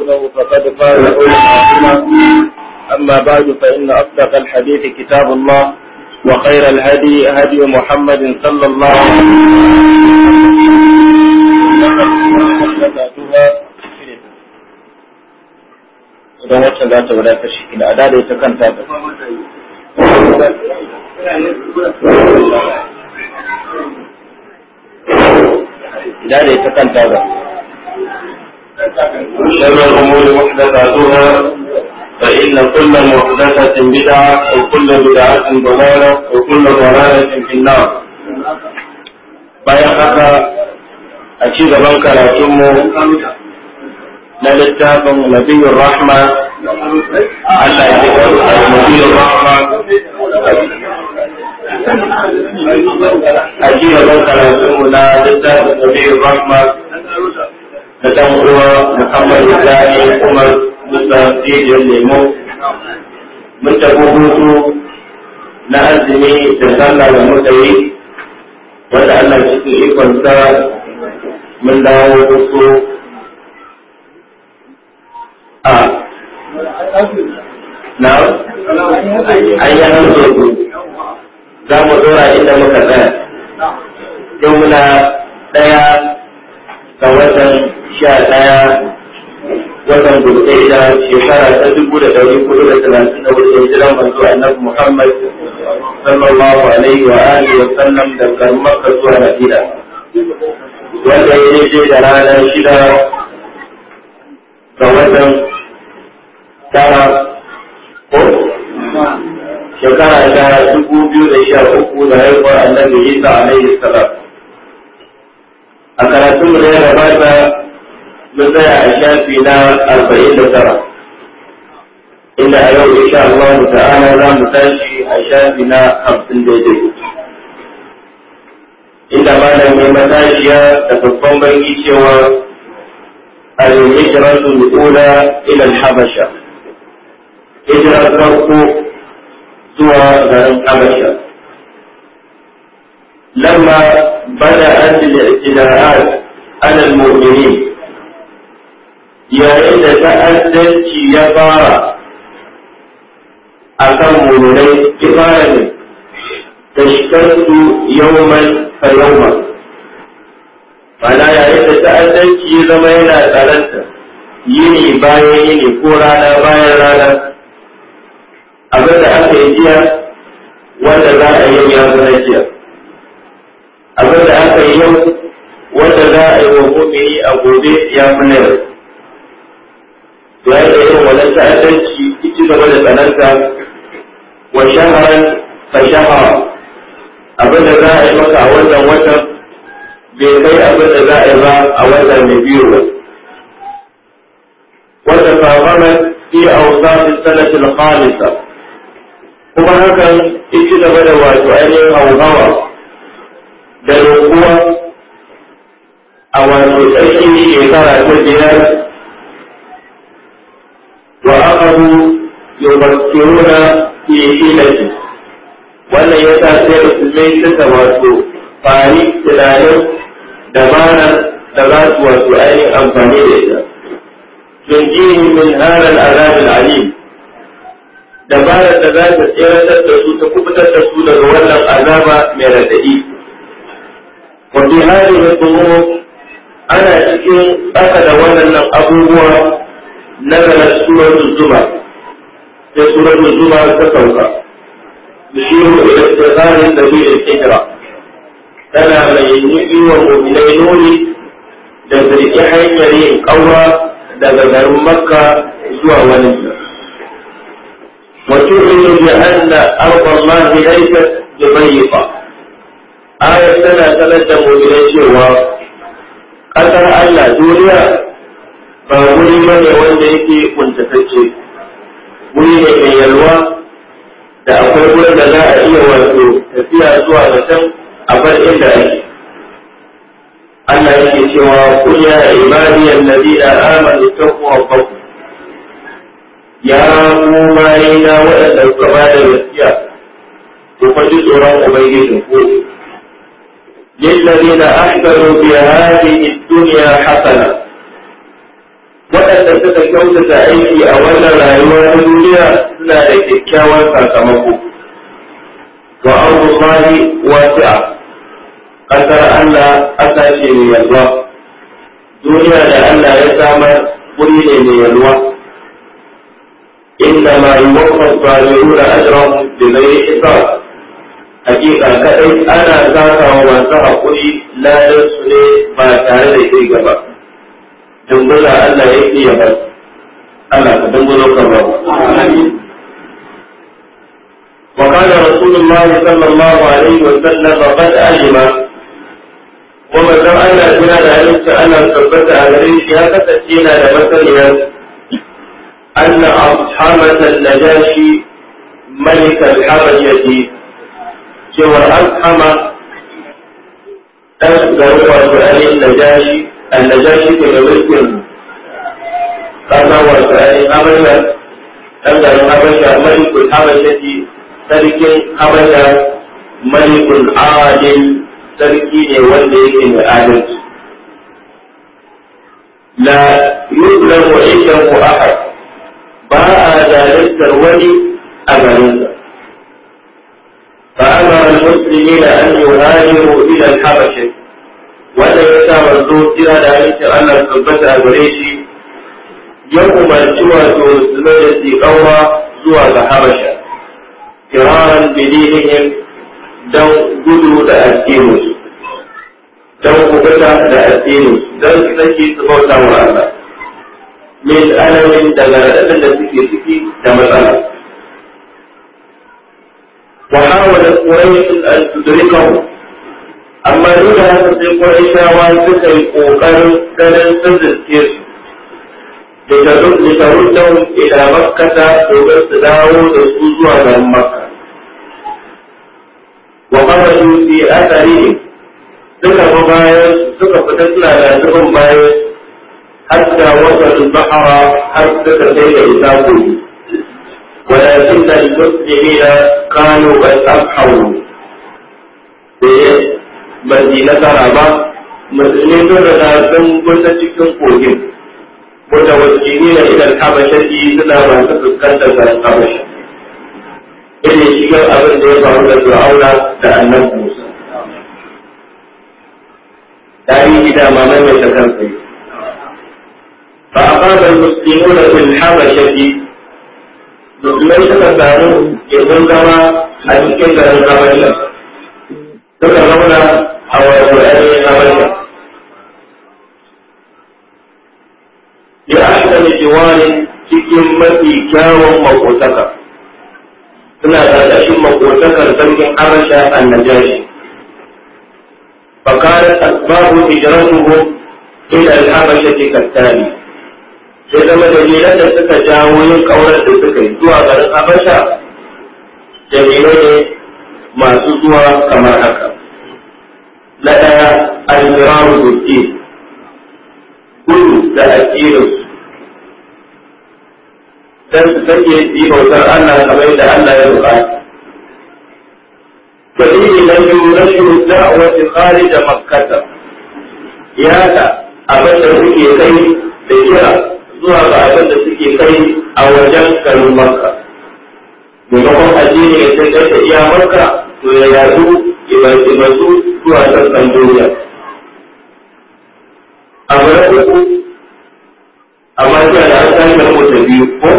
ورسوله فقد قال أما بعد فإن أصدق الحديث كتاب الله وخير الهدي هدي محمد صلى الله عليه وسلم idan wacce za ta wadata shi ina a dada ita kanta ta dada ita kanta وشر الأمور محدثاتها فإن كل محدثة بدعة وكل بدعة ضلالة وكل ضلالة في النار bayan haka a ci gaban karatunmu na littafin nabiyun rahma Allah ya ji nabiyun rahma a ci gaban karatunmu na littafin nabiyun rahma na dan uwa Muhammad Ibrahim Umar Musa Rijiyar Lemo. Mun tafi hutu na azumi da sallah da muka yi wanda Allah cikin ikonsa mun dawo hutu a na ayyanar hutu za mu dora inda muka tsaya. Yau muna ɗaya ga watan sha ɗaya watan gurɗaida shekara ta dubu da ɗari kudu da talatin da wuce hijiran manzo annabi Muhammad sallallahu alaihi wa alihi wa sallam daga Makka zuwa Madina wanda ya daidai da ranar shida ga watan tara ko shekara ta dubu biyu da sha uku da haihuwar annabi Isa alaihi salam a karatun da ya gabata mun tsaya a shafi na arba'in da tara inda a yau insha Allah ta'ala za mu tashi a shafi na hamsin daidai inda malam mai matashiya da babban banki cewa al-hijratu al-ula ila al-habasha hijrar farko zuwa garin habasha لما بدأت الاعتداءات على المؤمنين yayin da ta'addanci ya fara a kan mummunai kifara ne da shikarsu yawman fa yawman mana yayin da ta'addanci ya zama yana tsananta yini bayan yini ko rana bayan rana abin da aka yi jiya wanda za a yi ya zama jiya abin da aka yi yau wanda za a yi wa mumini a gobe ya fi na yau to ya da irin wannan ta'addanci ci gaba da tsananta wa shaharan fa shahara abin da za a yi maka a wannan watan bai kai abin da za a yi ba a wannan mai biyu ba wata fahimar fi a wasafin sanatin khamisa kuma hakan ci gaba da wato ainihin hauhawa da roƙuwa a wato tsarki shekara ta biyar wa akabu yubakiruna fi shi. wannan ya sa sai mai suka wato fari tunanin mana da za su wato ainihin amfani da ita tunjihim min haral azabin alim dabarar da za ta tseratar da su ta kubutar da su daga wannan azaba mai raɗaɗi وفي هذه الظروف ana cikin أخذ waɗannan abubuwa nazarar suratul zuma sai suratul zuma ta sauka yushiru ila tsakanin da bi da hijra tana mai nufi wa mu'minai nuni da zargi hanyar yin ƙaura daga garin makka zuwa wani وتؤمن بأن أرض الله ليست بضيقة ayar tana sanar da mu'minai cewa ƙasar Allah duniya ba wuri bane wanda yake kuntatacce wuri ne mai yalwa da akwai wurin da za a iya wato tafiya zuwa ga can a bar inda ake Allah yake cewa kunya ya annabi da amanu wa rabbakum ya ku na waɗanda suka bada gaskiya ku faɗi tsoron ubangijin ku للذين أحسنوا في هذه الدنيا حسنة waɗanda suka kyautata aiki a wannan rayuwa ta duniya suna da kyakkyawan sakamako wa arzullahi wasi'a ƙasar Allah ƙasa ce mai yalwa duniya da Allah ya samar wuri ne mai yalwa inda ma yuwaffa sabiruna ajrahum bi ghairi hisab hakika kaɗai ana zaka wa wanzu hakuri na su ne ba tare da kai gaba dumbula Allah ya yi ya bas Allah ka dumbula ka ba wa kana rasulullahi sallallahu alaihi wa sallam qad alima wa ma za Allah kuna da yarda ana tabbata a gare shi haka take yana da masaniya anna ashabat al-najashi malik al-habayati cewar an kama ɗan garin wato ainihin najashi annajashi ke mai mulkin ƙasa wato ainihin habasha ɗan garin habasha malikul habasha ji sarkin habasha malikul adil sarki ne wanda yake da adalci la yuzlamu indahu ahad ba a zalantar wani a garinsa فأمر المسلمين أن يهاجروا إلى الحبشة wanda ya sa manzo kira da aikin Allah su tabbata a gare shi ya umarci wato musulmai da su zuwa ga Habasha kiraran bidinihim don gudu da addinin su don kubuta da addinin su don su su bauta wa Allah min alamin daga raɗaɗin da suke ciki da matsala وحاولت قريش أن تدركه أما لولا هذا في قريش وانتك القوقر سنن تذكر لتردهم إلى مكة وبس داود السجوة من مكة وخرجوا في أثرهم suka fi bayan suka لأنهم suna حتى zubin البحر حتى wata bahara ولكن المسلمين كانوا قد أفحوا مدينة رابا musulmi sun riga sun kunta cikin kogin wanda wasu na idan habashaki suna masu fuskantar garin habasha ina shigar abin da ya faru da fir'auna da annan musa tarihi da mamai mai ta ba a fara musulmi da fil domin suka samu kebun zama a cikin garin Habasha. Suka zauna a Ya aika ne cikin mafi kyawun makotaka. Suna makotakar sarkin Habasha a Najashi. أسباب هجرتهم إلى الحبشة كالتالي ya zama dalilan da suka jawo yin kaurar da suka yi zuwa garin habasha dalilai ne masu zuwa kamar haka na ɗaya almiraru dukki gudu da aƙirinsu don su sake yi bautar Allah kamar yadda Allah ya roƙa dalili na biyu rashin da'awati kharija makkata ya da abin da suke kai da kira zuwa ga abin da suke kai a wajen garin makka kuma addini ya sai da iya makka to ya yadu ibarsu zuwa sassan duniya A na uku a mafiya da an sake mutum biyu ko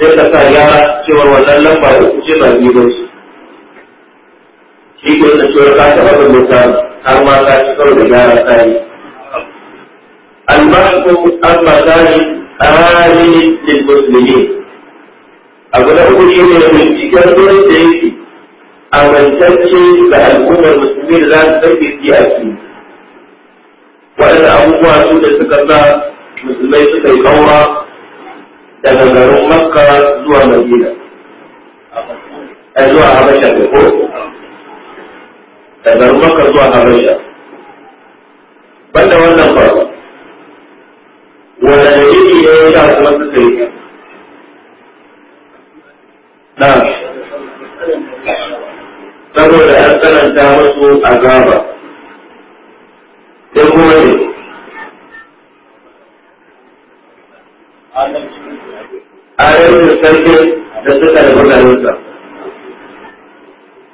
sai ka sa gyara cewar wannan lamba da ce ba biyu ba shi. shi ke da cewar ka taɓa mutane har ma ka ci karo da gyara tsari المنع عن مكان آمن للمسلمين abu na ne binciken da yake amintacce da al'ummar musulmi da za su su a waɗanda abubuwa su da suka sa musulmai suka yi ƙaura daga garin makka zuwa madina a zuwa habasha ko banda wannan ba wanda da yake ne ya sha kuma suka yi na saboda an tsananta musu azaba sai kuma ne ayoyin sarkin da suka da bugarinsa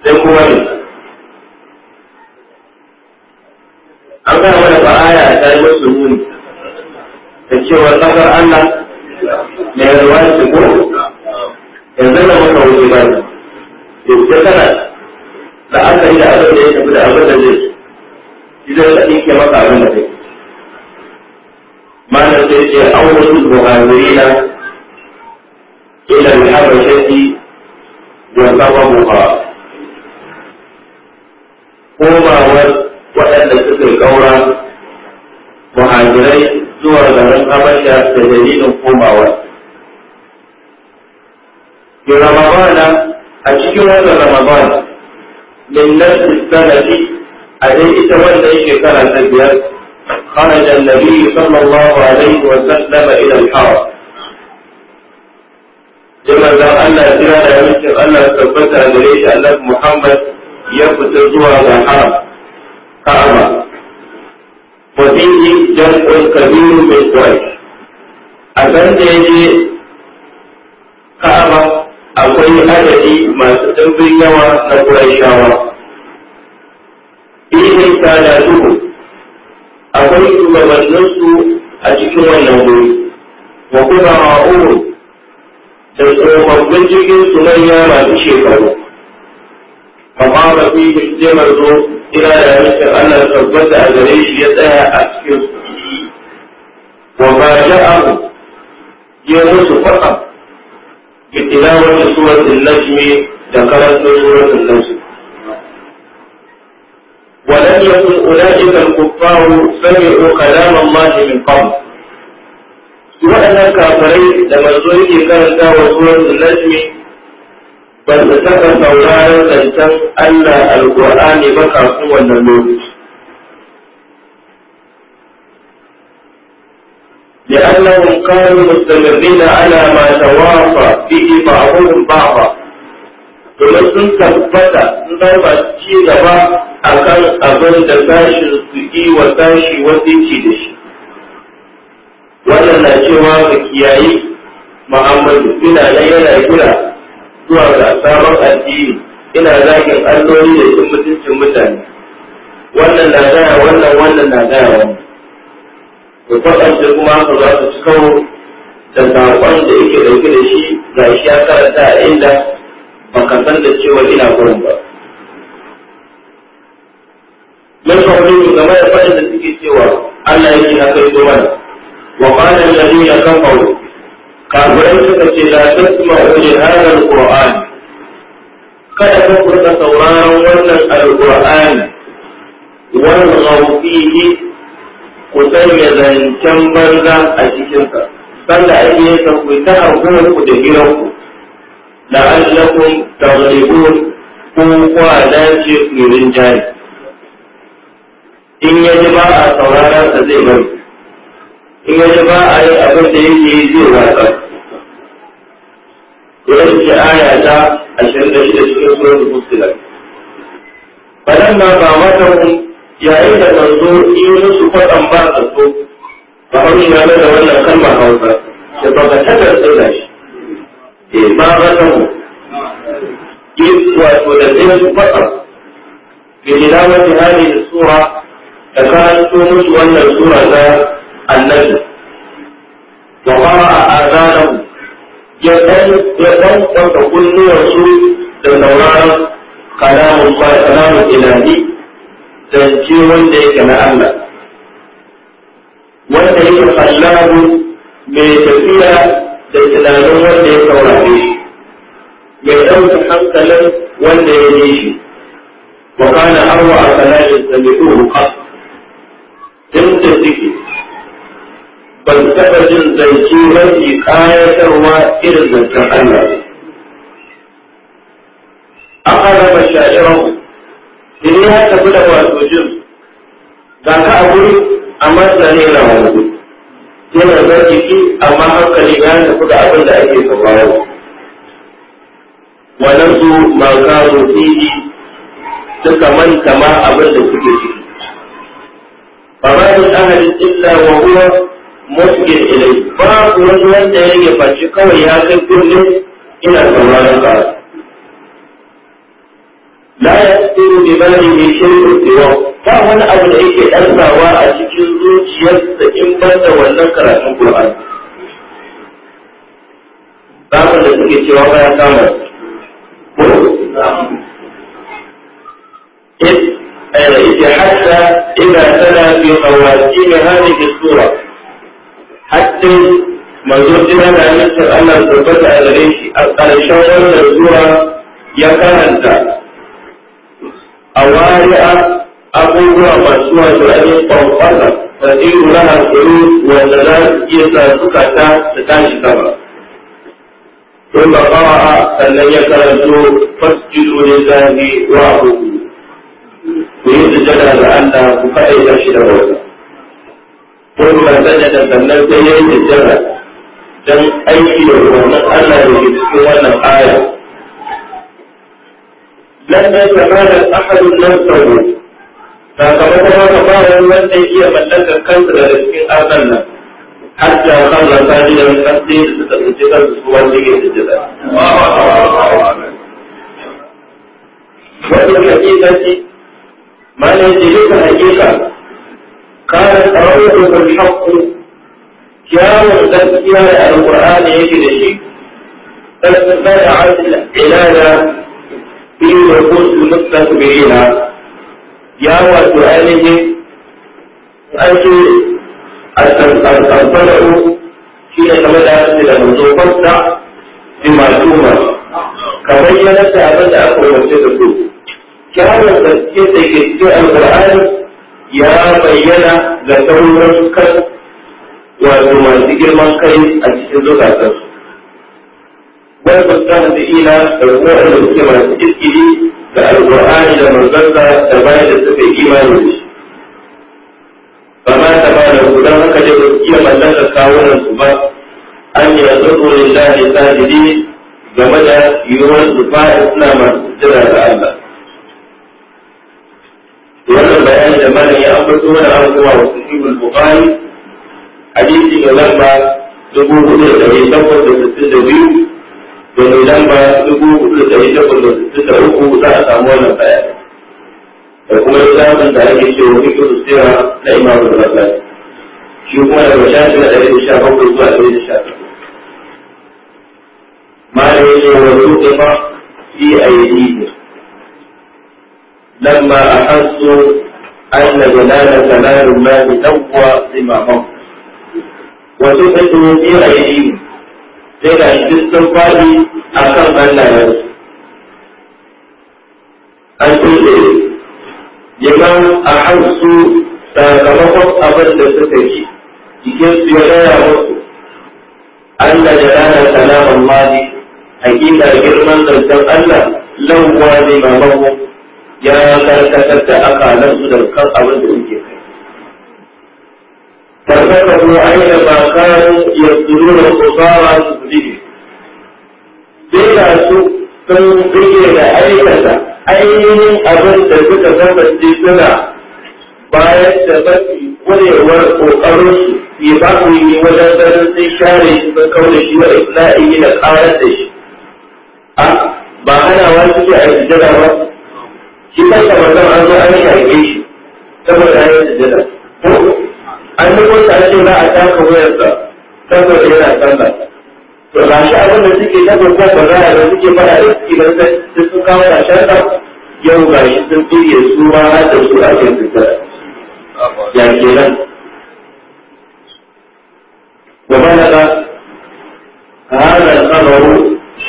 sai kuma ne an gama da ba'aya a tsarin musu da cewar ƙasar Allah mai ruwa da ko yanzu da muka wuce ba da da tana da aka yi da abin da ya tafi da abin da zai shi zai da ɗinke maka abin da zai Mana sai ce an wasu buhazirina ila al-habashati wa sababuha komawar waɗanda suka kaura muhajirai zuwa garin habasha da dalilin komawa bi ramadana a cikin wannan ramadana min nafsi sanadi a dai ita wannan shekara ta biyar خرج النبي صلى الله عليه وسلم إلى الحرم جمع الله جرى يمكن أن ثبت عليه أن محمد يفتزوا على الحرم كعبة وفيه جمع كبير من قريش أبن يجي كعبة akwai adadi masu ɗimbin yawa na ƙuraishawa. Ihin da duhu akwai shugabanninsu a cikin wannan wuri, wa kuma ma'uru da tsofaffin cikin su manya masu shekaru. ka fara kuma ke zo ina da rikin Allah tabbata a gare shi ya tsaya a cikin sujudi wa ba ya amu ya musu faɗa ki ila wata suratul najmi da karatu suratul najmi ولم يكن اولئك الكفار سمعوا كلام الله من قبل سواء ان الكافرين لما زوجي كانت دعوه سوره النجم ba su taɓa sauraron zancen Allah alƙur'ani ba kafin wannan lokaci. لأنهم كانوا مستمرين على ما توافى به بعضهم بعضا domin sun tabbata sun zama ci gaba a kan abin da tashin su yi wa tashi wasiki da shi Wanda na cewa ka kiyayi muhammadu ina nan yana kira zuwa ga sabon addini ina zagin alloli da cin mutuncin mutane wannan na gaya wannan wannan na gaya wannan da kwakwance kuma haka za su ci kawo da saƙon da yake ɗauke da shi ga shi ya karanta a inda ba ka san da cewa ina gurin ba ne, game da cewa Allah yake na kai سوى ألا يجي نقيت من ya kan faru kafirai suka ce la tasma'u li hadha alquran kada ka furta sauraron wannan alqur'ani wal ne ku sanya zancen banza a cikinsa sanda ake yin sa ku ta harkuwar da gidanku la'allakum taghlibun ko kwa dace ku rinjaye in ya ji ba a sauraron sa zai bari in ya ba a yi abin da yake yi zai watsa ya ce aya ta ashirin da shida cikin surat al-fusilat falamma ba mata mu, yayin da manzo in su faɗan ba a so ba hau ina da wannan kalma hausa da ba ka taɓa tsira shi eh ba ba ta mu wato da zai su faɗa bi tilawati hadhihi sura da karanto musu wannan sura ta annabi wa a azanahu ya dan ya dan kwanta kunnuwar su da sauraron kalamun kalamun ilahi zance wanda yake na Allah wanda yake Allahu mai tafiya da tunanin wanda ya saurare shi mai ɗauka hankalin wanda ya yi shi wa kana arwa a kalamin sami'uhu qas din da ciki ban taɓa jin zance mafi ƙayatarwa irin zancen Allah ne. An araba sha'iran ku, ya tafi da wato jin, ga ka a wuri amma tsare yana wani Yana ki amma hankali ya tafi da abin da ake Wannan su ma gano fiye suka manta ma abin da kuke ciki. Ba ma yin ahalin illa wa huwa musgin ilai ku wani wanda ya rage face kawai ya kai kullum ina sauraron ka la yasiru bi balihi shay'un siwa ba wani abu da yake sawa a cikin zuciyarsa in ban da wannan karatun ba babu da suke cewa ba ya kama إذ حتى إذا تلا في خواتيم هذه السورة haddin manzo jira da nufin Allah tabbata a gare shi a ƙarshen wannan zuwa ya karanta a wari'a abubuwa masu wato ainihin ƙwanƙwasa ta iru na hankali wanda za su iya sa zukata ta tashi sama. Tun ba kawa sannan ya karanto fasjidu lillahi wa abubu. Ku yi sujada da Allah ku faɗaita shi da wata. sun masana da sannan sai ya yi jijjira don aiki da umarnin Allah da ke cikin wannan aya. Lannan zamanin ahadun nan sauro, sakamakon haka ba wani wanda iya mallaka kansa daga cikin arnan nan. Hatta kan zafani da kasance da suka tsinci kansu su wanda ke jijjira. Wannan hakika ce, mana yake duka hakika قالت ربكم الحق جاءوا تذكية القرآن يجد شيء فالسفارة فاستطاعت العلالة في وقود المستقبلين جاءوا سؤاله أجل الطلع في أمدى إلى بما يتوما كبينت أبدا أقوى من تدرسوه كانت تذكية القرآن ya bayyana ga sauran kan wato masu girman kai a cikin zukatansu wani fuskanta da ila kuma da suke masu iskili da alƙur'ani da manzansa da bayan da suka yi imani da shi ba ma ta ba da ku don haka dai iya su da kawunan su ba an yi yanzu lillahi sajidi game da yiwuwar su ba suna masu jira ga Allah wannan bayani da mani ya ambato mana an kuma wa sahihul bukhari hadisi da lamba dubu hudu da ɗari takwas da sittin da biyu da mai lamba dubu hudu da ɗari takwas da sittin da uku za a samu wannan bayani da kuma lissafin da ake cewa fiƙi sustira na imamu da masai shi kuma daga shafi na ɗari da sha bakwai zuwa ɗari da sha takwas لما أحسوا أن جلال كلام الله تقوى زمامهم وسقطوا في أيديهم sai ga shi sun faɗi a kan hannayensu. An tuɗe, yaman a hansu sakamakon abin da yi, jikinsu ya gaya musu, Allah da rana salaman mali, hakika girman zancen Allah lauwa ne mamamu ya karkatar da su da kan abin da suke kai tsuru da kusawa su الكفار Sai da su sun da aikata ainihin abin da suka kasance suna bayan da mafi kwarewar ƙoƙarinsu ke ba su yi wajen ganin sun share shi sun kauna shi wa isla'i da ƙarar da shi. ba hana wa suke a sujada ba, shi kansa manzon an zo an shaƙe shi saboda ya yi sujjada ko an yi wata ce za a taka wayarsa saboda yana sallah to ga shi abin da suke ta ko ba za a da suke fara da suke da sai sun kawo da sharɗa yau ba shi sun tsige su ma da su a cikin sujjada ya ke nan. Ba kenan وبلغ هذا الخبر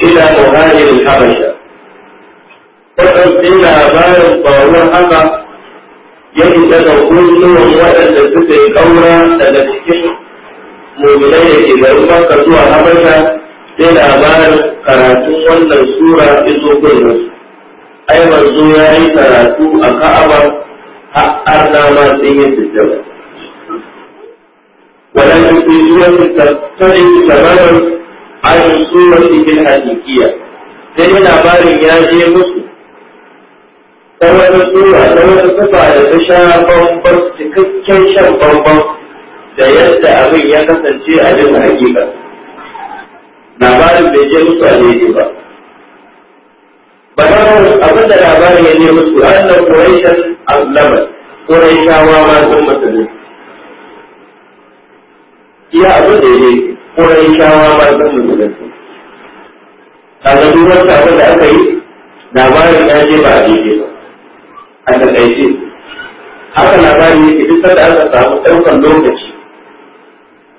إلى مهاجر الحبشة sai labarin faruwar haka ya isa ga kunnuwan waɗanda suka yi ƙaura daga cikin mummunai da ke garin Makka zuwa Habasha sai labarin karatun wannan sura iso gurin ai manzo ya yi karatu a Ka'aba har na ma sun yi sujjada ولكن في سورة تختلف تماما عن cikin الحقيقية. sai labarin ya je musu ta wani sura ta wani kusa da ta sha bambam cikakken shan bambam da yadda abin ya kasance a jin hakika labarin bai je musu a daidai ba ba ta abin da labarin ya je musu an da kuraishan azlamar kuraishawa ma sun musulmi iya abin da ya je kuraishawa ma sun A kaga duk wata abin da aka yi labarin ya je ba a daidai ba a takaice haka labari yake duk sanda aka samu ɗaukar lokaci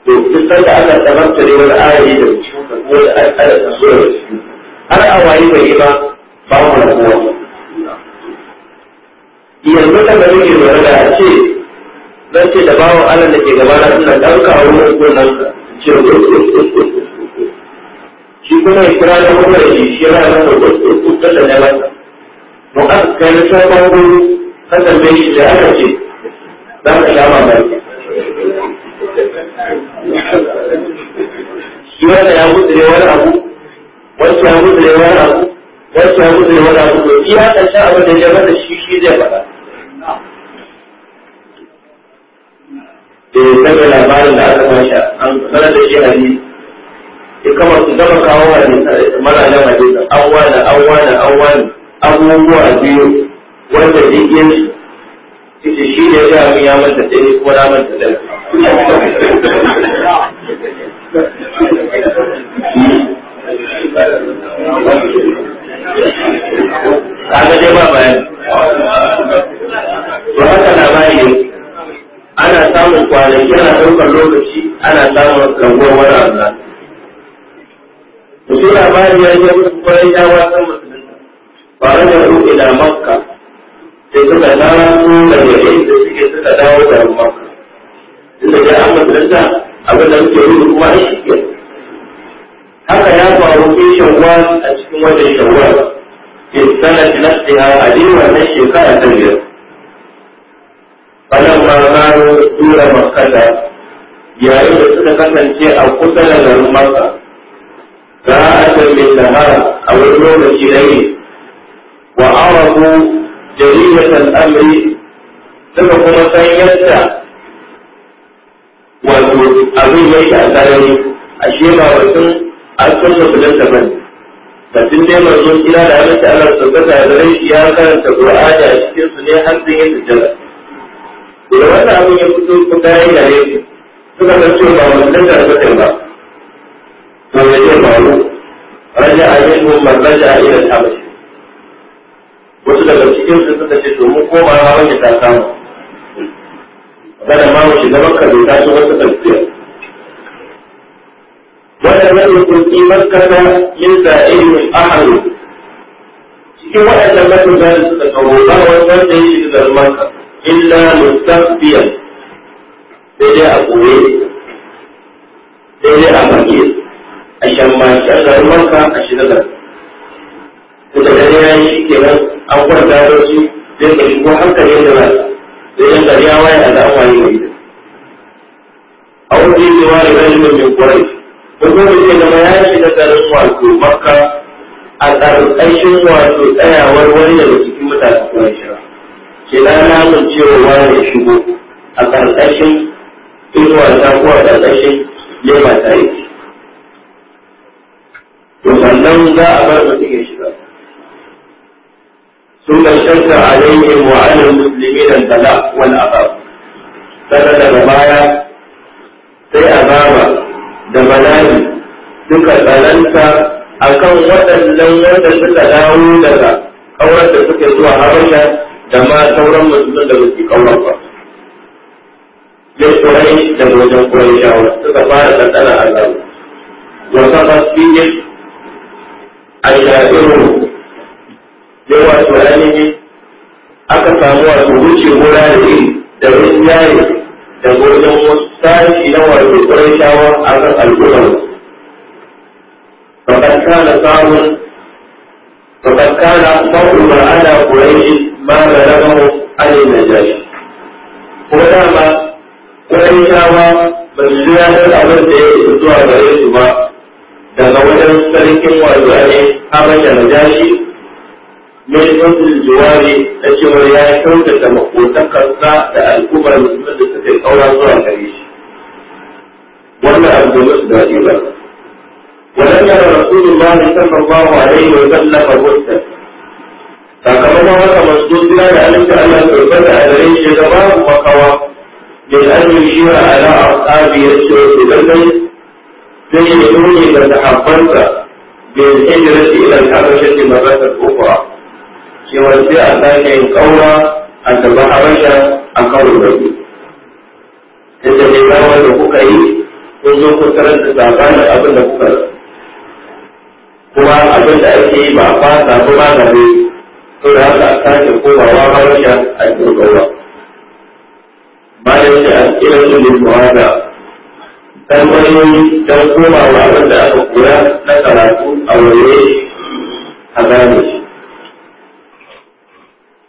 to duk sanda aka tsamanta ne wani ayayi da cikin kuma da aka da su da cikin har a waye bai ba ba mu da kowa yanzu da bari ke zaune da ce zan ce da bawan Allah da ke gaba na suna ɗauka a wurin gonan ce shi kuma ya kira da kuma da shi shi yana da kuma da ne ba Mu an kai na sabon gudu kan tambaye shi da aka ce za ka sha mai. shi wanda ya gudu da wani abu wasu ya gudu da wani abu wasu ya gudu da wani abu to iya ƙarshen abin da ya mata shi shi zai faɗa eh, da ya sanya labarin da aka masha an sanar da shi hadisi ya kama su gama kawo hadisa mara nan hadisa awwa da awwa da awwa ne abubuwa biyu wanda duk yin ciki shi ne ya mun ya manta da kuma na manta da Ka dai ba to haka labari ne ana samun kwanaki ana ɗaukar lokaci ana samun rangon wani abu mutum labari ya yi wani ya wasan mutum fara da su ila makka sai suka nasu da yayin da suke suka dawo da makka tunda ya an mutunta abin da suke yi kuma a shi haka ya faru fi shawwal a cikin wajen shawwal fi sanat nafsiha a dai wannan shekara ta biyar falamma kanu tura makkata yayin da suka kasance a kusa da garin makka za a tambaye a wani lokaci na yi wa arafu jaridatan amri suka kuma san yadda wato abin yake a sarari ashe ba batun an san musulunta ba ne batun dai manzo ina da aminci Allah tabbata da rai ya karanta Qur'ani a cikin ne har sun yi sujjada da abin ya fito kuma yayin da ne suka san cewa ba musulunta ba kai ba to ya ce ba raja'a minhum man raja'a ila al-habash wasu daga cikin su suka ce domin ko ba ma wani ta samu wadanda ma mu shiga makka bai shi wasu tafiya wanda zai yi kurki makka da yin sa'irin ahalu cikin waɗannan matuƙa da suka kawo ba wani wanda ya shiga da makka illa biyan. sai dai a koye sai dai a makiye a shan ma shan da makka a shiga da. Kuta gani ya yi shi kenan an kwanta bacci zai ka shigo hankali da ba da yan gari ya waye a zan waye mai ita. a wani yi wa da zai yi min kwarai ko kuma ke ya bayani da garin wato makka a ƙarƙashin wato tsayawar wani daga cikin mutanen kwarai shara ke na namun cewa wani ya shigo a ƙarƙashin inuwa ko a ƙarƙashin lema ta yi to sannan za a bar mutum ya shiga ثم اشتد عليهم وعلى المسلمين البلاء والعذاب kada daga baya sai azaba da bala'i duka tsananta a kan waɗannan wanda suka dawo daga ƙaurar da suke zuwa habasha da ma sauran musulman da suke ƙaurar ba. da wajen kurai shawar suka fara tsantsana azabu. Wasa ba su yi a sai wato ainihin aka samu wato wuce gona da iri da rinjaye da gudun sashi na wato ƙurashawa a kan al'ummar fakat na samun fakat kana samun ma'ana ƙurashi ma ga ramahu alin najashi ko dama ƙurashawa ba su jira don abin da ya zuwa gare su ba daga wajen sarkin wato ainihin hamayya najashi من يوم الزوار أجمل يا شودة مقبول تقرصا تألكم المزمدة في القول الله الحديث وما أبد مصد أجمل ولم رسول الله صلى الله عليه وسلم الرسل فكما هو مصدود بها لألك أن الرسل أدري جدبا وقوى من أن يشير على أصحاب يسير في البيت تجد شوني فتحفظت بالهجرة إلى الحبشة مرة أخرى cewa sai a sake yin kaura a tafi habasha a kawo da ku ta tafi da kuka yi ko zo ku karanta da abin da kuka kuma abin da ake yi ba a fasa ba ma na ne to da haka a sake komawa habasha a cikin kaura bayan da an kira su ne su haka tambayoyi don komawa abin da aka kura na karatu a wani a gane shi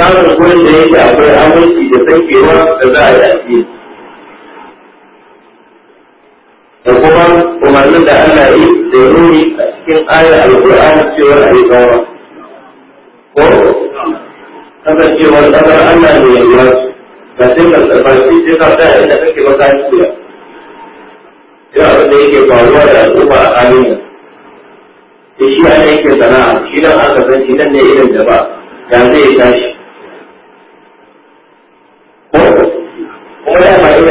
samun wurin da yake akwai aminci da tsakewa da za a yi addini da kuma umarnin da Allah yi da nuni a cikin ayar alƙur'ani cewa a yi tsawa ko kasancewar ƙasar Allah ne ya yi ba sai ka tsarfa shi sai ka tsaya inda kake ba ka yi ya abin da yake faruwa da al'umma a halin yanzu shi ne yake sana'a shi nan aka san shi nan ne irin da ba ya zai tashi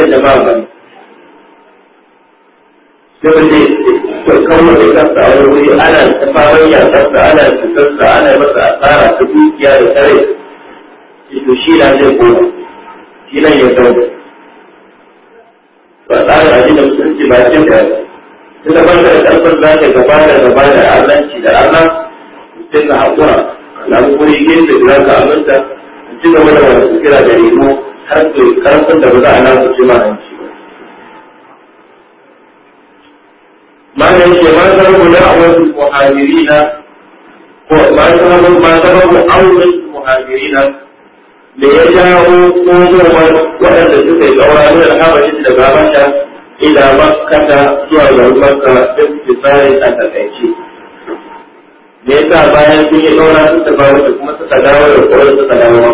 da jama'a ba sai wanda ya kawo da kansa a wuri ana ta fara yakarsa ana cutarsa ana masa tsara ta dukiya da tare to shi na zai koma shi nan ya kawo ba tsarin addinin musulunci ba ce da tunda ba da karfin za ta gaba da gaba da arnanci da arna sai ka haƙura na wuri gefe da za ka aminta ci gaba da wani kira da nemo karfin da ba za a na nasu ce ma'anci malam ke ma sarrafa da awon muhajirina ko ma sarrafa ma sarrafa awon muhajirina da ya jawo komowar waɗanda suka yi ƙaura da kama alhamashin daga mata ila makkata zuwa garin makka da suke tsarin a takaice me yasa bayan sun yi ƙaura suka ba kuma suka dawo da ƙwarar suka dawo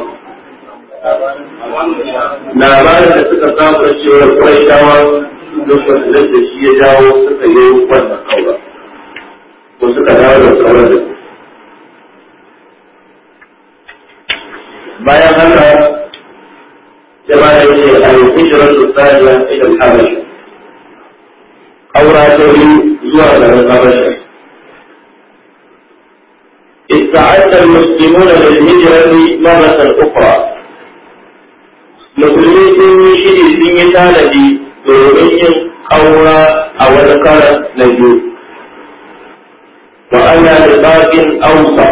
labarin da suka samu na cewar kwai dawa lokacin da shi ya dawo suka yi wannan kaura ko suka dawo da sauran da bayan haka ba da yake a yi hijirar tsariya idan habasha kaura ta yi zuwa da na habasha استعد المسلمون للهجرة مرة أخرى musulmi sun yi shiri sun yi tanadi domin yin aura a wani karan na biyu wa ana da bakin ausa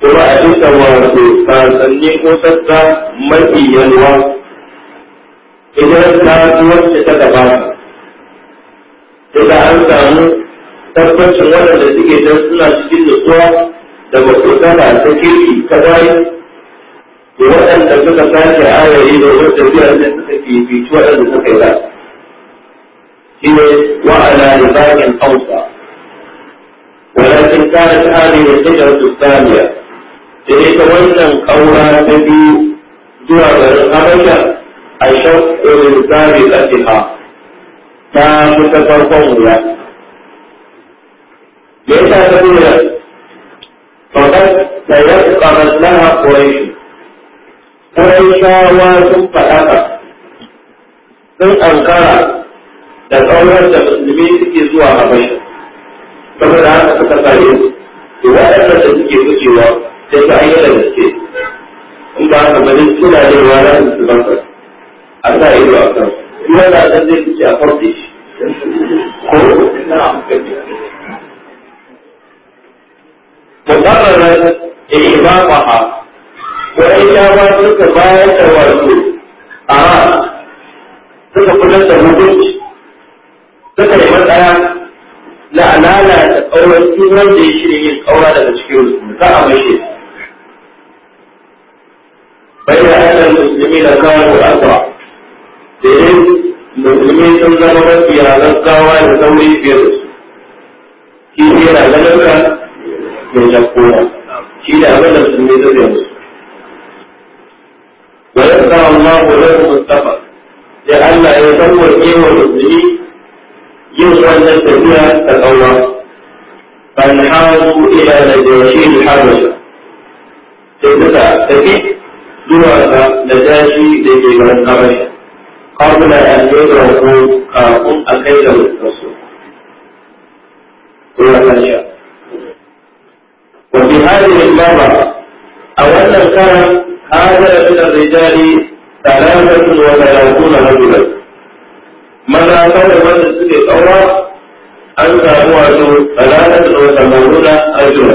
kuma a duka wato sasanni ko sassa mafi yalwa idan ta wacce ta gabata da an samu tabbacin waɗanda suke don suna cikin nutsuwa da ba su ta kirki ta bayan waɗanda suka sake ayayi da wajen tafiya da suka fifici waɗanda suka yi ba shi ne wa ala ribakin hausa walakin kana ta hali da shigar tuskaniya da ita wannan ƙaura ta biyu zuwa garin habasha a shakkurin tsari ƙasiha ta fi ta farkon wuya me yasa ta wuya fakat da yadda ƙarar laha ƙwarai Ƙuraishawa sun faɗaka sun ƙanƙara da ƙaunar da musulmi suke zuwa a bai da haka suka kare su to waɗanda da suke gujewa sai ta hanyar da suke. in ba haka bane suna da yawa na musulman ka a sa ido a kan kuma da san zai fice a farce shi ko mutarrar ihbamaha ya ƙwarai suka bayar da wato a suka kula da hukunci suka yi matsaya na alala da ƙauran duk da ya shirya yin ƙaura daga cikin za a mai shi bai da ayyukan musulmi da kawo da aswa da yin musulmi sun zama mafi gaggawa da sauri fiye da su shi ne yana ganin ka mai jakkowa shi da abin da musulmi zai musu wa yasa Allah lahum safa ya Allah ya sauwaƙe wa musulmi yin wannan tafiya ta kaura fanhazu ila najashi al-habasha sai suka tafi zuwa ga najashi da ke garin habasha قبل أن يدركوا كافهم أكيد الرسول وفي هذه اللغة أولا كان هاجر من الرجال ثلاثة وثلاثون رجلا maza kawai wanda suke tsawa an samu wato tsananin da wata maruna a jira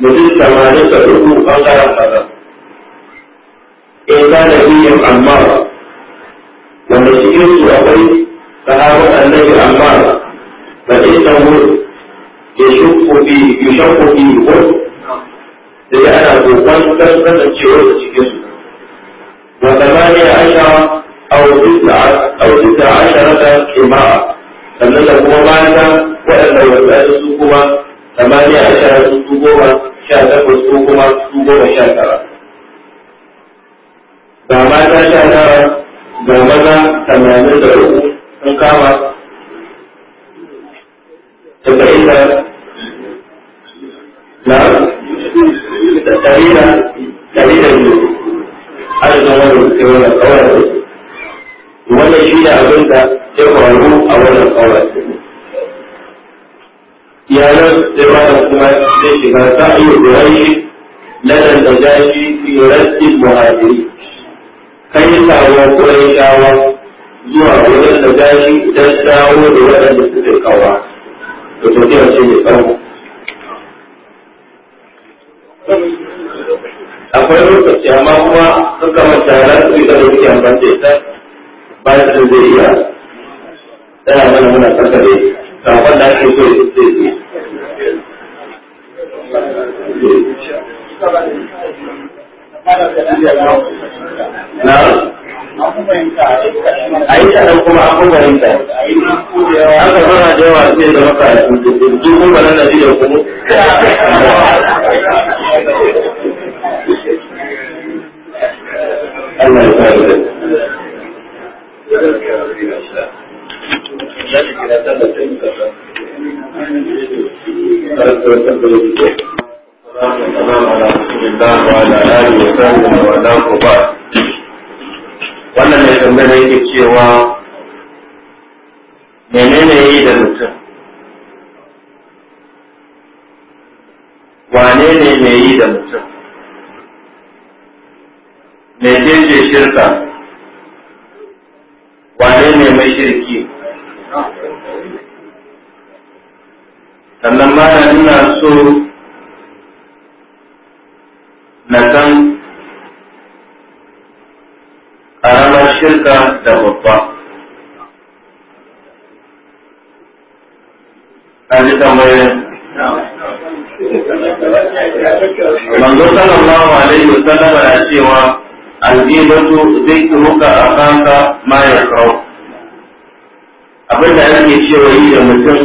mutum tamanin da uku ɓangaren maza in kana biyan amma wanda cikin su akwai sahabin annabi amma ba ɗin nan wuri ya shakku biyu ko da ya ana roƙon kasancewar da cikin su wa tsamani a asha a wajen da asha rata kima'a sannan da kuma mata waɗanda wasu su kuma tsamani a asha su goma sha takwas ko kuma su goma sha tara ga mata sha tara ga maza tamanin da uku sun kama saba'in da na kabila kabila ne adadin wanda suka yi wannan kawai wannan shi ne abin da ya faru a wannan kawai iyalan sai wannan kuma zai shiga sa'iyo da rashi ladan da jashi fi rastin muhajiri kai sawo kurai shawa zuwa wurin da jashi idan shawo da waɗanda suke kawa da tafiya ce mai tsawo ce amma kuma suka manta ran su da suke amfani da bayan sun zai iya mana muna kasa da da ake so ya zai iya. Na? A yi kaɗan kuma ta. Aka da yawa sai da maka a cikin duk kuma nan da kuma. Allah ya sa da wannan cewa menene yi yi da mutum me ce shirka wane ne mai shirki sannan na ina so na san ƙaramar shirka da babba a ji tambayoyin manzo sallallahu alaihi wasallam na cewa aljibatu zikruka akaka ma ya kawo abinda ake cewa yi da mutum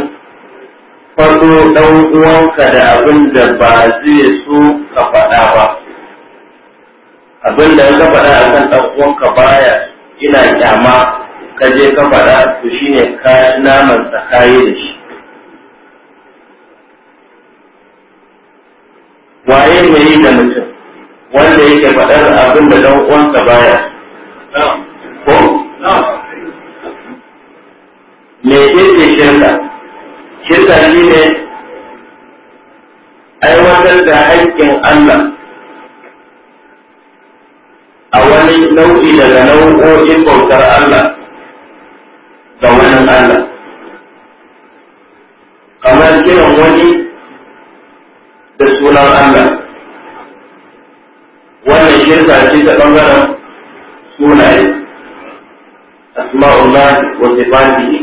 faɗo ɗan uwanka da abin da ba zai so ka faɗa ba Abinda ka faɗa a kan ɗan uwanka baya ina kyama ka je ka faɗa to shine ka naman tsakayi da shi waye mai yi da mutum wanda yake faɗar abin da dan uwansa baya ko me yake shirka shirka ne? aiwatar da haƙƙin Allah a wani nau'i daga nau'o'in bautar Allah ga wani Allah kamar kiran wani da sunan Allah wannan shirka ce ta bangaren sunaye asma'ullah wa sifatihi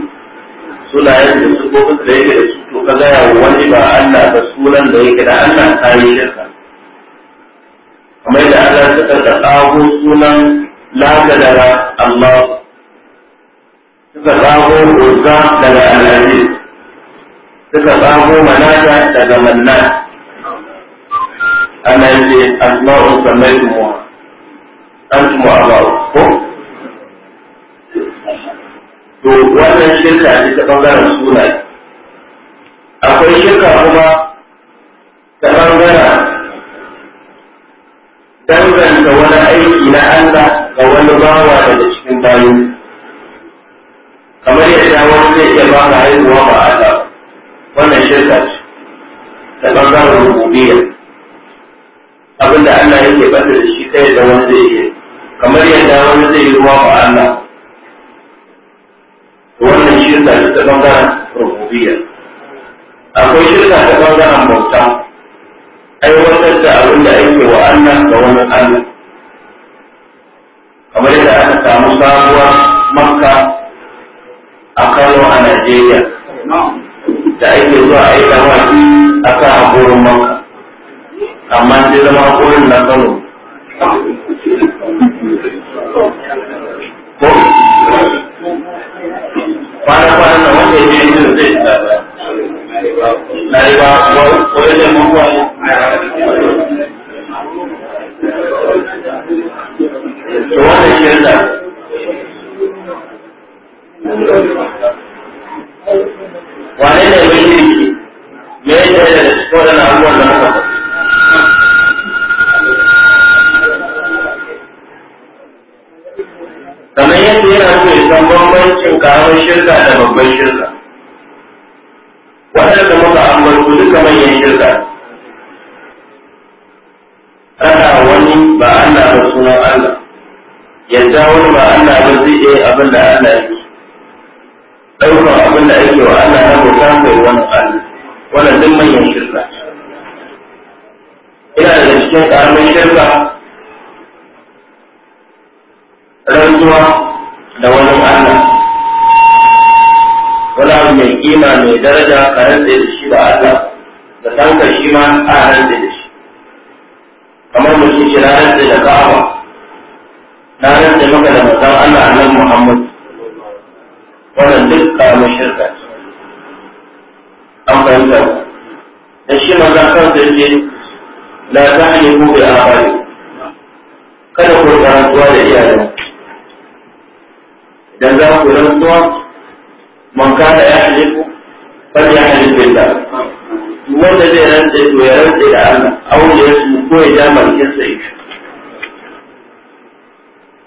sunayen da su ko da yake da su to ka wa wani ba Allah da sunan da yake da Allah ta yi shirka kamar da Allah ta karka ƙago sunan lagadara daga Allah suka ƙago uzza daga alhaji suka ƙago manata daga mannan ana yake asma'un sallaitumuwa antum wa aba'u ko to wannan shirka ce ta bangaren sunaye akwai shirka kuma ta bangaren danganta wani aiki na Allah ga wani bawa daga cikin bayan kamar yadda wani zai iya ba haihuwa ba Allah wannan shirka ce ta bangaren rububiyya abin da Allah yake bada da shi kai da wanda zai yi kamar yadda wani zai yi ruwa wa Allah wannan shirka ta ta bangaren rububiyya akwai shirka ta bangaren bauta aiwatar da abin da ake wa Allah da wani Allah kamar yadda aka samu sabuwa makka a Kano a Najeriya da ake zuwa a yi dawaki a kan hakorin makka amma sai zama haƙorin na kano ko na wanda yake yi da zai na yi ba ko ya zai mawa to wannan shirka wane ne mai yi me ya yi da waɗannan abubuwan da muka kamar yadda yana so ya san bambancin karamar shirka da babban shirka da muka ambato duka manyan shirka rada wani ba Allah ba sunan Allah yadda wani ba Allah ba zai iya abin da Allah ya ɗaukar abin da ake wa Allah na bauta kai wani Allah wannan duk manyan shirka ina da cikin karamar shirka rantsuwa da wani Allah wani abu mai kima mai daraja a rantsa da shi ba Allah da tanka shi ma a rantsa da shi kamar mutum shi na rantsa da ka'aba na rantsa maka da mazan Allah a nan Muhammad wannan duk karamar shirka an fahimta da shi maza kansa yake la ta hanyar gobe a kada ku rantsuwa da iyayen dan za ku rantsuwa man kada ya halifu fal ya halifu billah wanda zai rantsa to ya rantsa da Allah aure ya su ko ya ja malkin ya yake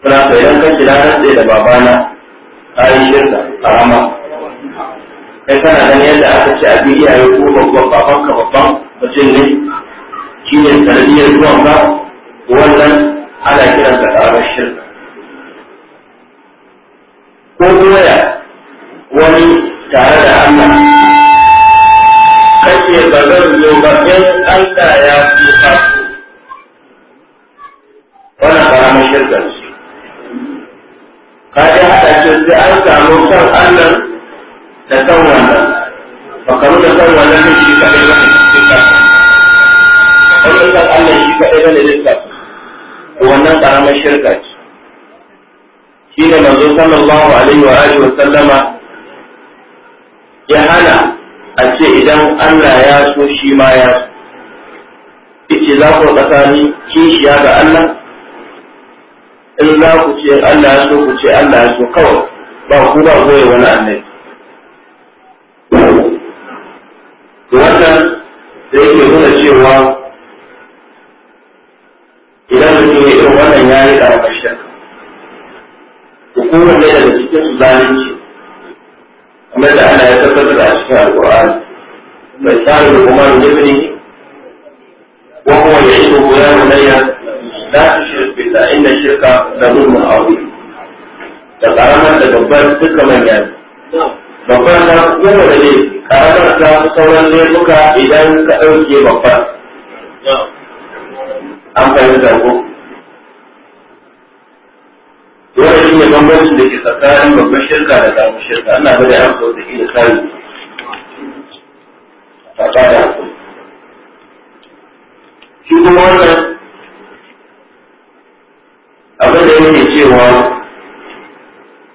kana to yan ka kira rantsa da babana shirka arama kai kana ganin yadda aka ce a bi iyaye ko babban baban ka babban mutum ne shi ne sanadiyar zuwan ka wannan ana kiransa karamar shirka ko doya wani tare da Allah kake ba zan zo ba in Allah ya kuka wannan karamar shirka ce ka ji haɗa ce sai an samu san Allah da san wannan ba karu da san wannan ne shi kaɗai ba ne cikin kasa wannan san Allah shi kaɗai ba ne cikin kasa wannan ƙaramar shirka ce shi da manzo sallallahu alaihi wa alihi wa sallama ya hana a ce idan Allah ya so shi ma ya so ce za ku ni kishiya ga Allah in za ku ce Allah ya so ku ce Allah ya so kawai ba ku ba goye wani annabi wannan da yake nuna cewa idan mutum ya irin wannan ya yi ƙarfashin hukumar ne daga cikin su zalunci kuma da ana ya tabbatar da cikin alƙur'ani bai tsara da kuma da yabini wa huwa ya'iduhu ya bunayya la tushrik billah inna shirka la a wuri. da karamar da babbar duka manya babbar ta hukumar da ne karamar ta sauran laifuka idan ka ɗauke babbar an fahimta ko dole shi ne bambanci da ke tsakanin babban shirka da karamin shirka ana ga da yanka wata kila tsari a tsada shi kuma wannan abin da yake cewa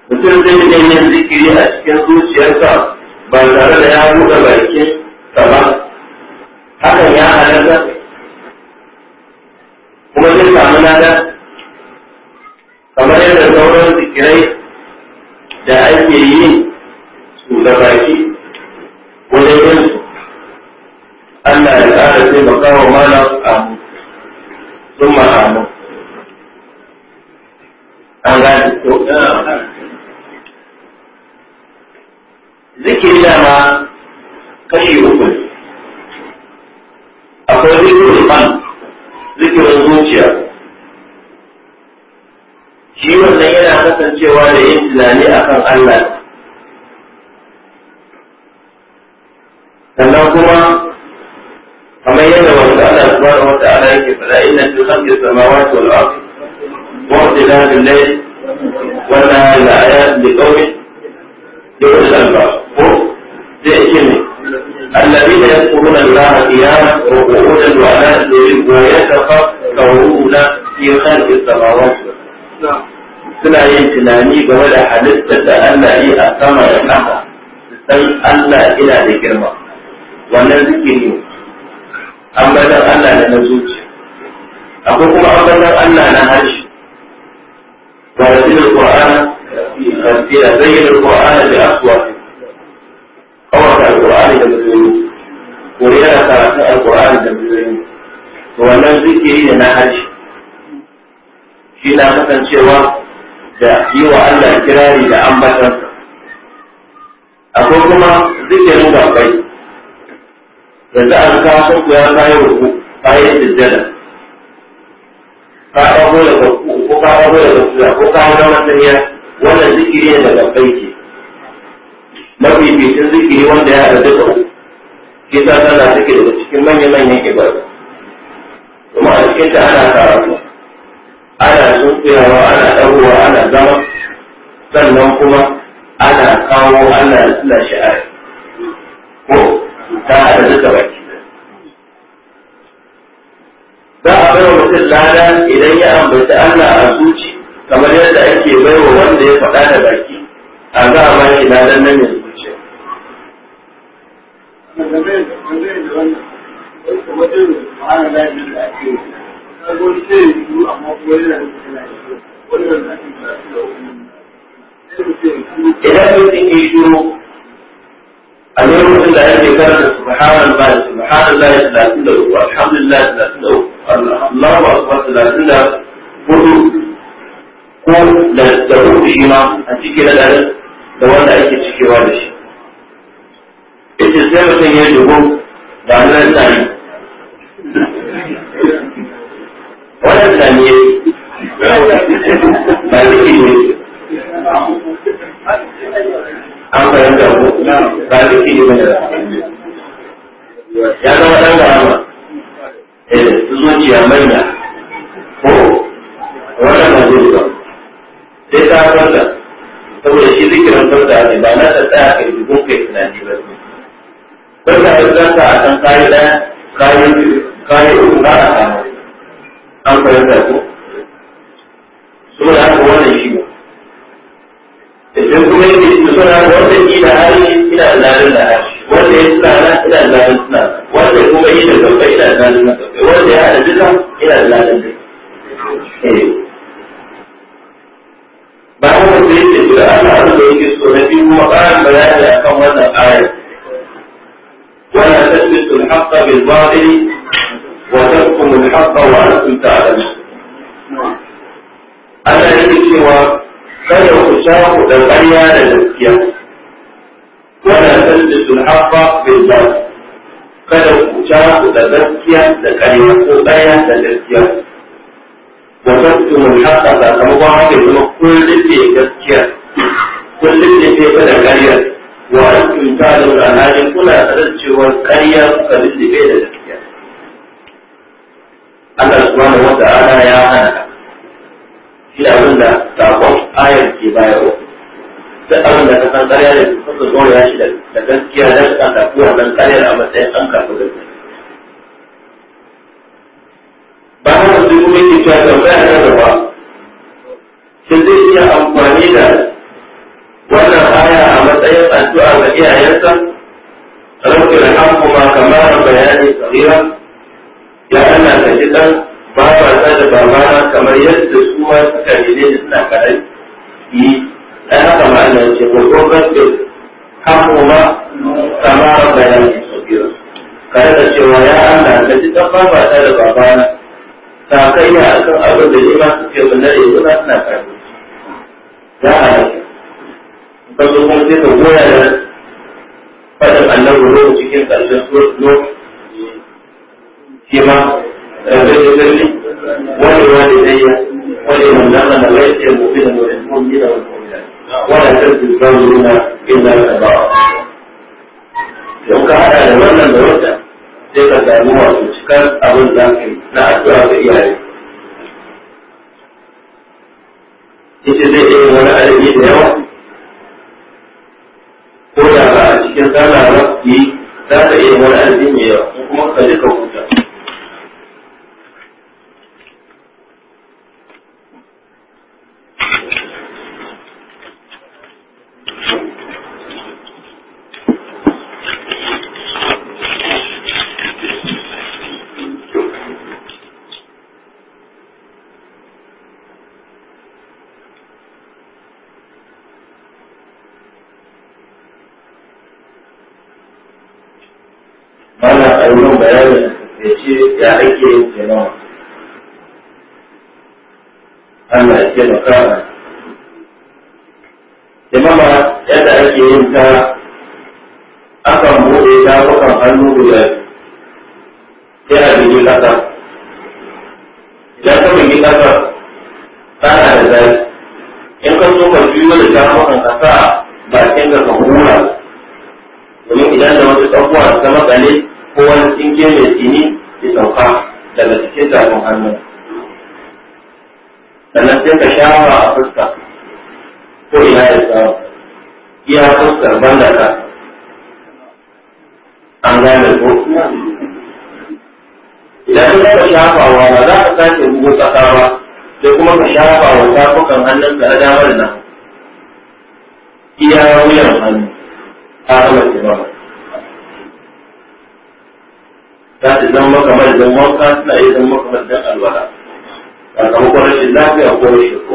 mutum zai iya yin zikiri a cikin zuciyarsa ba tare da ya buɗe bakin sa ba hakan ya halatta adquirir Allah إلى زين القرآن بأصواتهم أوقع القرآن بالزيوت ورياء قراءة القرآن بالزيوت wannan zikiri da na haji shi na kasancewa da yi wa Allah kirari da ambatansa akwai kuma zikirin gabbai yanzu an kawo ku ya kayi ruku kayi sujjada ka ɗago da ko ka ɗago da ko ka ɗago da wannan zikiri ne daga baiti mafi mafificin zikiri wanda ya da duka ke sa tana take daga cikin manya-manyan ibadu kuma a cikin ta ana karatu ana sunkuyawa ana ɗaruwa ana zama sannan kuma ana kawo ana Suna sha'ari ko ta haɗa duka baki za a bai wa mutum lada idan ya ambata Allah a zuci kamar yadda ake baiwa wanda ya faɗa da baki a za a mai dan nan ya zuciya idan mutum ya shiru, a lokacin da ake karanta subhanallah subhanallah talatin da uku alhamdulillah talatin da uku allahu akbar talatin da hudu ko da da shi ma a ciki na garin da wanda ake cikewa da shi ita sai mutum ya dubo da nan tsari wannan tsari ya ba ciki ne an fahimta ko ba ciki ne ya zama ɗan garama eh zuciya manya ko wannan ba zai ba sai ta farka saboda shi zikirin farka ne ba na ta tsaya kai dubun kai tunani ba ne farka ya zanta a kan kayi da kayi kayi uku ba a kama an da ku saboda haka wannan shi ne idan kuma yake da suna wanda yi da hali ina da da hali wanda ya suna na ina da lalin suna wanda kuma yi da gaba ina da lalin wanda ya hada duka ina da lalin ba haka sai yake da al'adun da yake so na biyu kuma ƙarin bayani a kan wannan ayar wannan tasbitu al-haqqa bil batil wa tadkum al-haqqa wa antum ta'lamun Allah yake cewa kada ku shafu da ƙarya da gaskiya wannan tasbitu al-haqqa bil batil kada ku shafu da gaskiya da ƙarya ko ɗaya da gaskiya Mutum mutumin haka sakamakon haka zama kullum ne gaskiya kullum ne ke kada ƙarya wa da ta'lamu alhalin kuna sanar cewa ƙarya kuka lullube da gaskiya Allah subhanahu wa ta'ala ya hana shi abin da sakon ayar ke bayarwa duk abin da ka san ƙarya da kuka zo ya shi da gaskiya dan ka tafi wannan ƙaryar a matsayin an kafa gaskiya bayan da sai kuma yake cewa tambaya na gaba sai zai iya amfani da wannan aya a matsayin addu'a ga iyayensa rabbi rahamhuma kama bayani saghira ya Allah ka ji dan baba ta da babana kamar yadda su ma suka rene ni suna karai yi ai haka ma Allah ya ce ko ko rabbi rahamhuma kama bayani saghira kare da cewa ya Allah ka ji dan baba ta da babana sakayya a kan abin da ima suke mun na yanzu suna karfi za a yi ka zo kuma sai ka goya da fadin annabi ruwa cikin ƙarshen suwa shi ma rabin da gani wani wani daya wani na mana laifin mutum da mutum da wani wala tasbi zawruna illa al-ba'a yau ka hada da wannan da wannan sai ka samu wasu cikar abin da ka na addu'a ga iyaye ita zai iya wani arziki da yawa ko da ba a cikin sallah ba yi za ka iya wani arziki mai yawa kuma ka je ka huta ya ake yin taimawa Allah ya taimaka mana taimama yadda ake yin ta akan buɗe tafukan hannu guda sai a bigi ƙasa idan ka bigi ƙasa sallata an gane ko idan ka shafawa ba za ka sake rubo tsaka ba sai kuma ka shafa wa tafukan hannun ka na damar nan iya wuyan hannu ta gama ce ba za ta zama maka madadin wanka suna iya zama maka madadin alwala sakamakon rashin lafiya ko rashin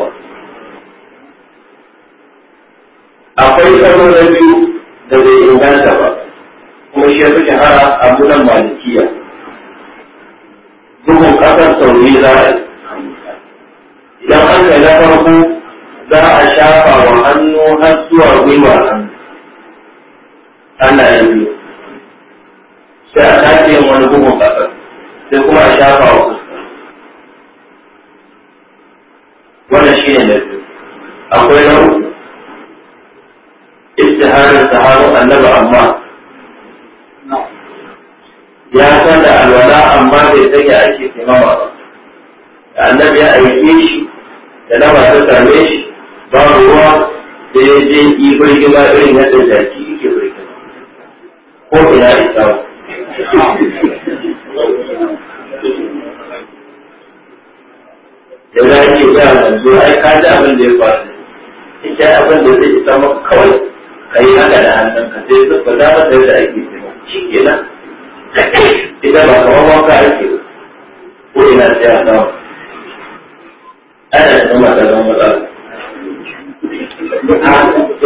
karo na biyu da bai inganta ba kuma shi ya fi shahara a bulan malikiya bugun kasar sauri za a idan an kai na farko za a shafa wa hannu har zuwa gwiwa ana yin biyu sai a yin wani bugun kasar sai kuma a shafa wa fuska wannan shi ne na biyu akwai na uku ishtiharin sahabin annabi amma ya san da alwala amma bai san ya ake taimawa ba da annabi ya aike shi da na ta same shi ba ruwa da ya je yi birgima irin yadda jaki yake birgima ko ina isa ba da za ki ga yanzu ai ka ji abin da ya faru ita abin da zai isa maka kawai kai haka da hannunka sai ba sai da ake shi kenan ita ba kamar ake ko ina sai a ana da kuma da a ko da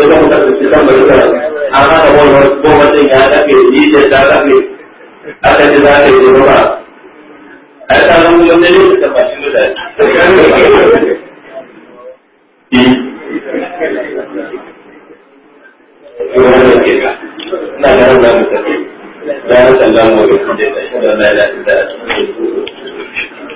mutum da shi zan wani ko mutum ya kafe ni da ta kafe aka ji za ka yi ta zama wani ne da ba shi eh. wurin da ke ka ina ga nan za mu tafi mu sallama da shi da ya da